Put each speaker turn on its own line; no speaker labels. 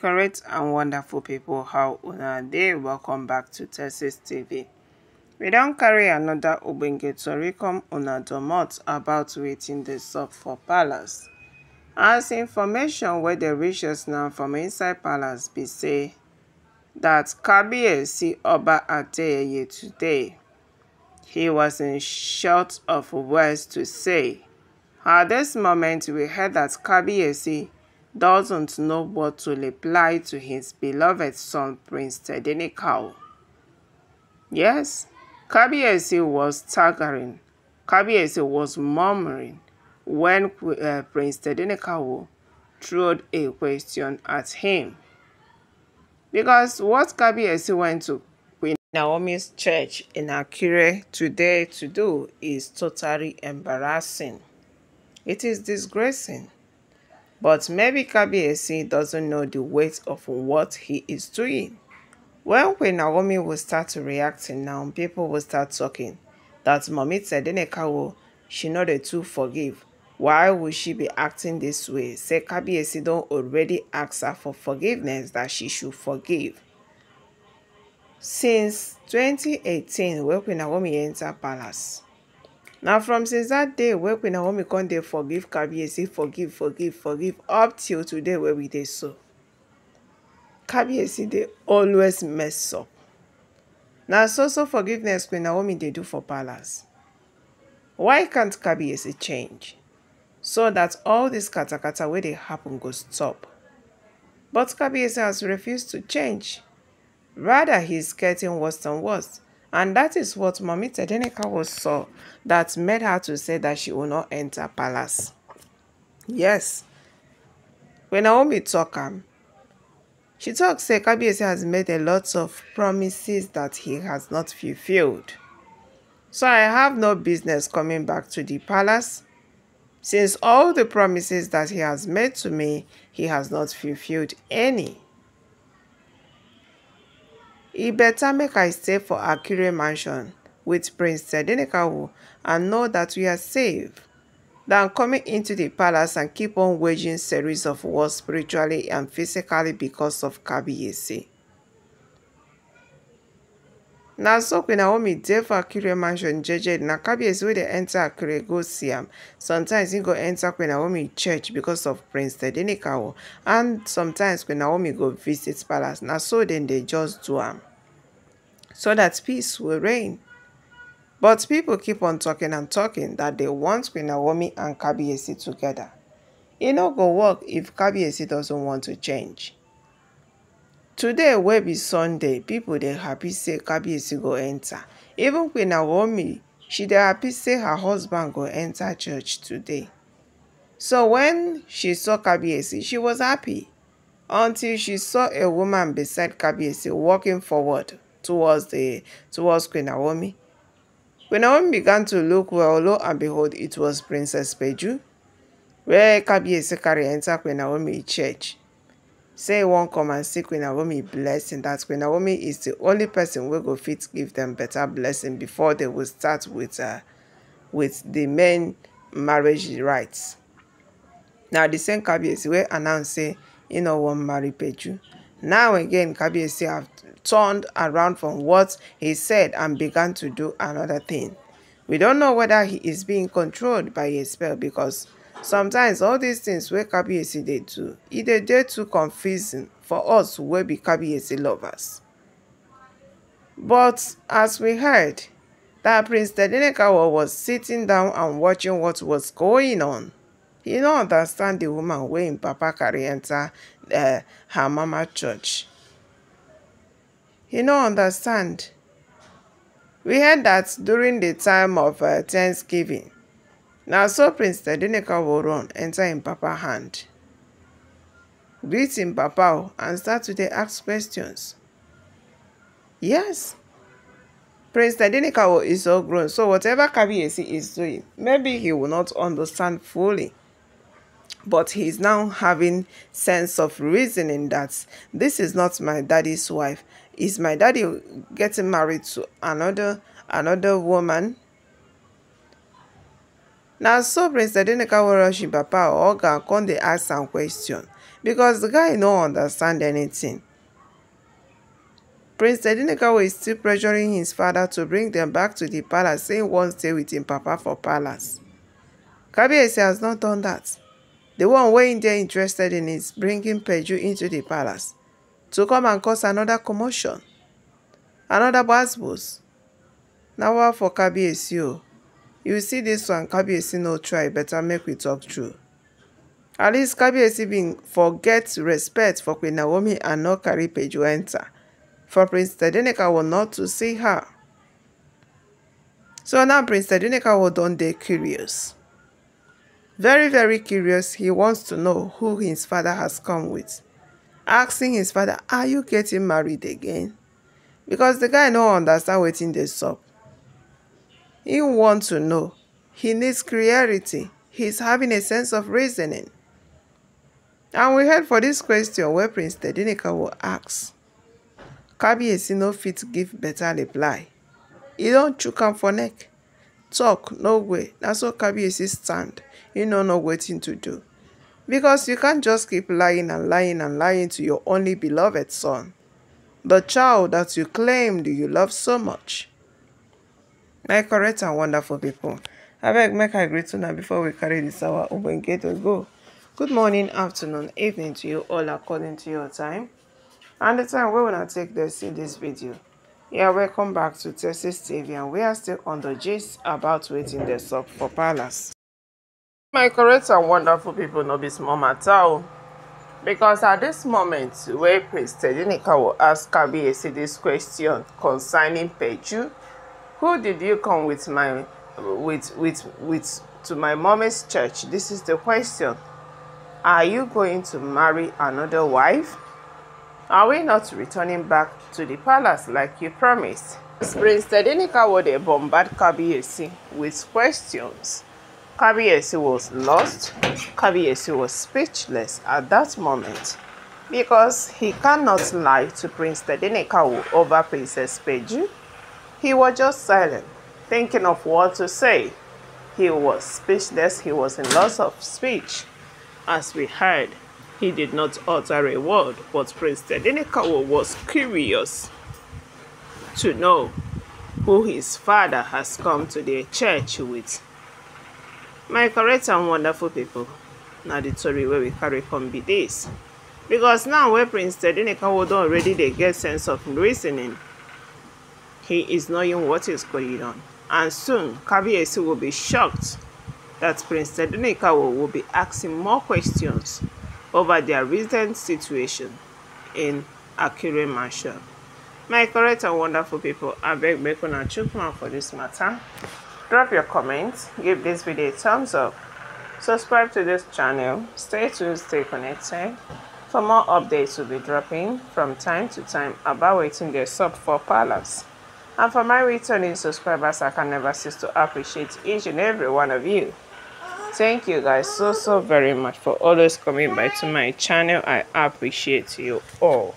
correct and wonderful people. how una dey welcome back to texas tv we don carry another ogbonge tori come una domot about wetin dey sup for palace as information wey dey reach us now from inside palace be say that Kabir kabiyesi oba adeyeye today he was in short of words to say at this moment we heard that Kabir kabiyesi doesn't know what to reply to his beloved son Prince Tedenekau. Yes, Kabiesi was staggering. Kabiesi was murmuring when uh, Prince Tedenekau threw a question at him. Because what Kabiesi went to Queen Naomi's church in Akure today to do is totally embarrassing. It is disgracing. But maybe Kabiesi doesn't know the weight of what he is doing. Well, when Naomi will start to reacting now, people will start talking. That mommy said Enekawo, she not dey to forgive. Why would she be acting this way? Say Kabiesi don't already ask her for forgiveness that she should forgive. Since 2018, when Queen Naomi enter palace, Now, from since that day where queen naomi come dey forgive kabiyesi forgive forgive forgive up till today where we dey so kabiyesi they always mess up Now, so so forgiveness queen naomi they do for palace why can't kabiyesi change so that all dis katakata where they happen go stop but kabiyesi has refused to change rather he is getting worse and worse And that is what Mommy Tedeneka was saw that made her to say that she will not enter palace. Yes. When Naomi talk am, um, she talks. say Kabiyesi has made a lot of promises that he has not fulfilled. So I have no business coming back to the palace since all the promises that he has made to me, he has not fulfilled any e better make I stay for Akure mansion with Prince Sedenekawu and know that we are safe than coming into the palace and keep on waging series of wars spiritually and physically because of Kabiyesi. na so queen naomi dey for akure mansion jeje na kabiyesi wey dey enter akure go see am sometimes he go enter queen naomi church because of prince tedenikawo and sometimes queen naomi go visit palace na so then they just do am so that peace will reign. But people keep on talking and talking that they want Queen Naomi and Kabiyesi together. It e no go work if Kabiyesi doesn't want to change. Today wey be Sunday, people they happy say Kabiyesi go enter. Even Queen Naomi, she dey happy say her husband go enter church today. So when she saw Kabiyesi, she was happy until she saw a woman beside Kabiyesi walking forward towards the towards Queen Naomi. Queen Naomi began to look well, lo and behold, it was Princess Peju, where Kabiesi carry enter Queen Naomi church. Say one come and see Queen Naomi blessing that Queen Naomi is the only person who go fit give them better blessing before they will start with uh, with the main marriage rites. Now the same Kabiesi wey announce say e no wan marry Peju. Now again, Kabiyesi have turned around from what he said and began to do another thing. We don't know whether he is being controlled by a spell because sometimes all these things where Kabiyesi they do, it is dey too confusing for us wey be Kabiyesi lovers. But as we heard, that Prince Tedenekawa was sitting down and watching what was going on. He no understand the woman wearing im papa carry enter uh, her mama church. He no understand. We heard that during the time of uh, Thanksgiving, Now, so Prince Tedinika will run enter in papa hand. Greet papa oh, and start to ask questions. Yes, Prince Tedinika is all grown, so whatever Kabiyesi is doing, maybe he will not understand fully but he's now having sense of reasoning that this is not my daddy's wife is my daddy getting married to another another woman Now, so prince edinaka woroshi papa or oga come dey ask some question because the guy no understand anything prince edinaka was still pressuring his father to bring them back to the palace saying one stay with him, papa for palace kabiyesi has not done that. The one way India interested in is bringing Peju into the palace to come and cause another commotion, another basbos. Na wa for Kabiyesi o. You see this one, Kabiyesi no try, better make we talk true. At least Kabiyesi bin forget respect for Queen Naomi and not carry Peju enter. For Prince Tedeneka will not to see her. So now Prince Tedeneka will don dey curious. Very, very curious, he wants to know who his father has come with. Asking his father, are you getting married again? Because the guy no understand wetin this up. He want to know. He needs clarity. He's having a sense of reasoning. And we head for this question where Prince Tedinica will ask. is no fit give better reply. He don't chook am for neck. Talk no way. That's what Kabi Kabiyesi stand you no know to do because you can't just keep lying and lying and lying to your only beloved son, the child that you claimed you love so much. My correct and wonderful people, I beg make I greet you before we carry this our open gate to go. Good morning, afternoon, evening to you all according to your time. And the time we to take this in this video. Yeah, welcome back to Texas TV and we are still on the gist about waiting the sub for Palace. My correct and wonderful people no be small matter oh. because at this moment wey priest Edinika will ask Kabiyesi this question concerning Peju who did you come with my with with with to my mommy's church this is the question are you going to marry another wife are we not returning back to the palace like you promised? Prince Tedinika will bombard Kabiyesi with questions Kabiyesi was lost. Kabiyesi was speechless at that moment because he cannot lie to Prince Tedinekau over Princess Peju. He was just silent, thinking of what to say. He was speechless, he was in loss of speech. As we heard, he did not utter a word, but Prince Tedinekau was curious to know who his father has come to the church with. my correct and wonderful people, na the story wey we carry come be dis because now wey prince edinikawo don already dey get sense of reasoning he is knowing what is going on and soon kabiyesi will be shocked that prince edinikawo will be asking more questions over their recent situation in akure mansion my correct and wonderful pipo abeg make una chook mouth for this matter. Drop your comments, give this video a thumbs up, subscribe to this channel, stay tuned, stay connected. For more updates will be dropping from time to time about waiting their sub for Palace. And for my returning subscribers, I can never cease to appreciate each and every one of you. Thank you guys so so very much for always coming back to my channel. I appreciate you all.